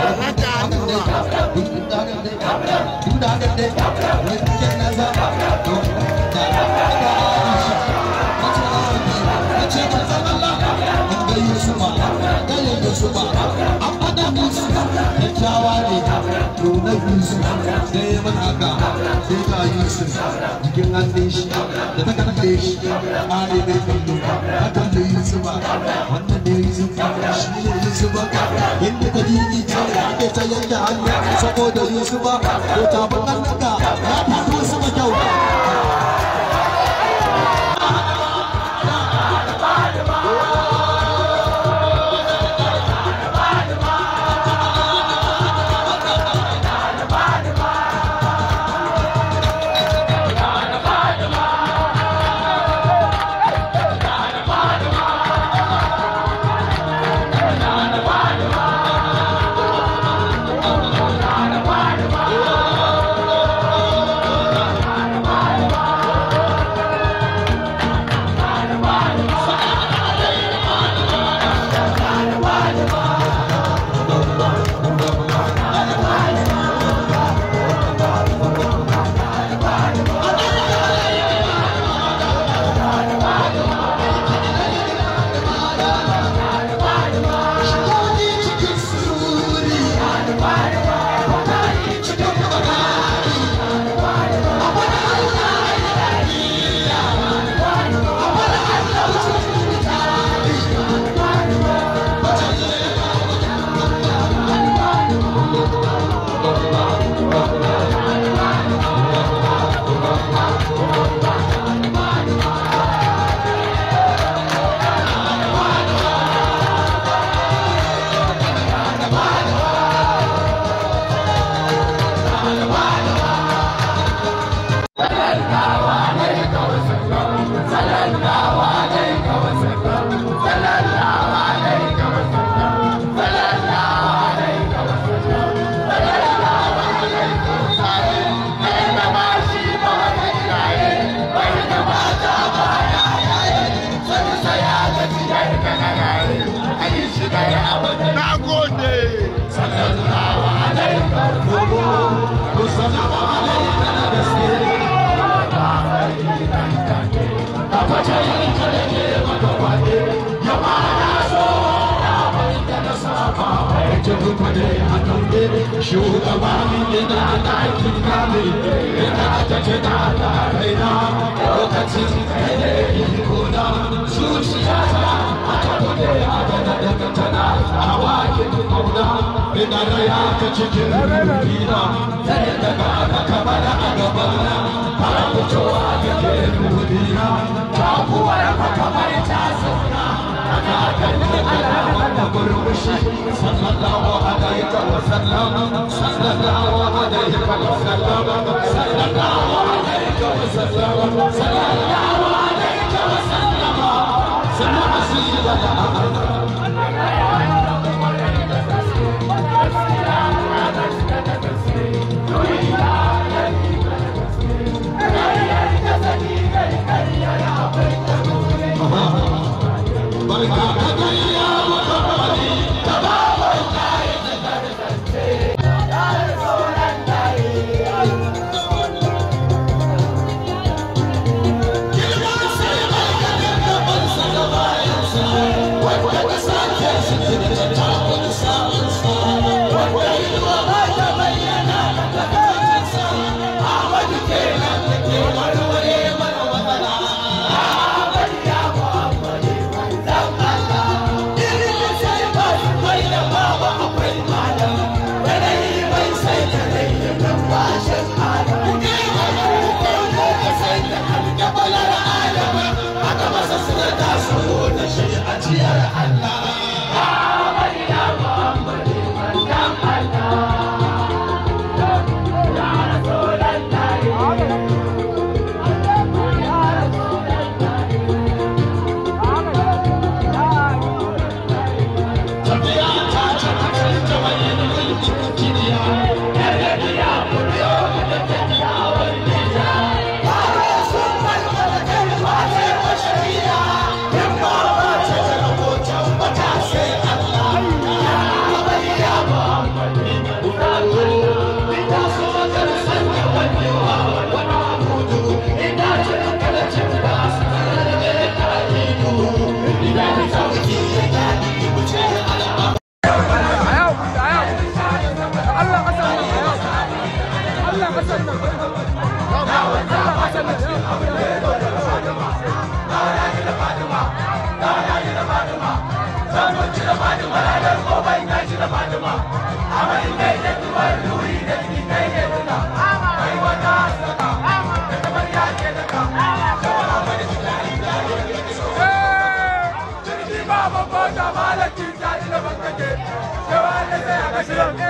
sai ya bar haka sai ta yi su jikin hannun shi da ta kalle shi ƙare mai kallo ta kalle yusufa wannan ne yusufa shi ne yusufa inda ka ji ce ake sayar da hanya saboda yusufa ko tafi kan daga na Salud, na gode shugaba yana ɗakin kame yana ta ce ta raina lokacin yanayin kuna zuciya ta a ta kuɗe a gana daga tana a wake kauna ina raya ta cikin rubina zai daga aka kamar a gabana a fitowa da ke rubina ta kuwa القروشي صلى الله عليك وسلم shi a Allah faduma na ji da faduma da faduma ranar gobe na ji da faduma amalin kai da tuwar luri da jini kai da tuna kai wata saka da kamar ya ke da ka shawara ba da tuta inda ya ke so jirgi ba babba da malakin ta ji da bankake shawara da sai a kashe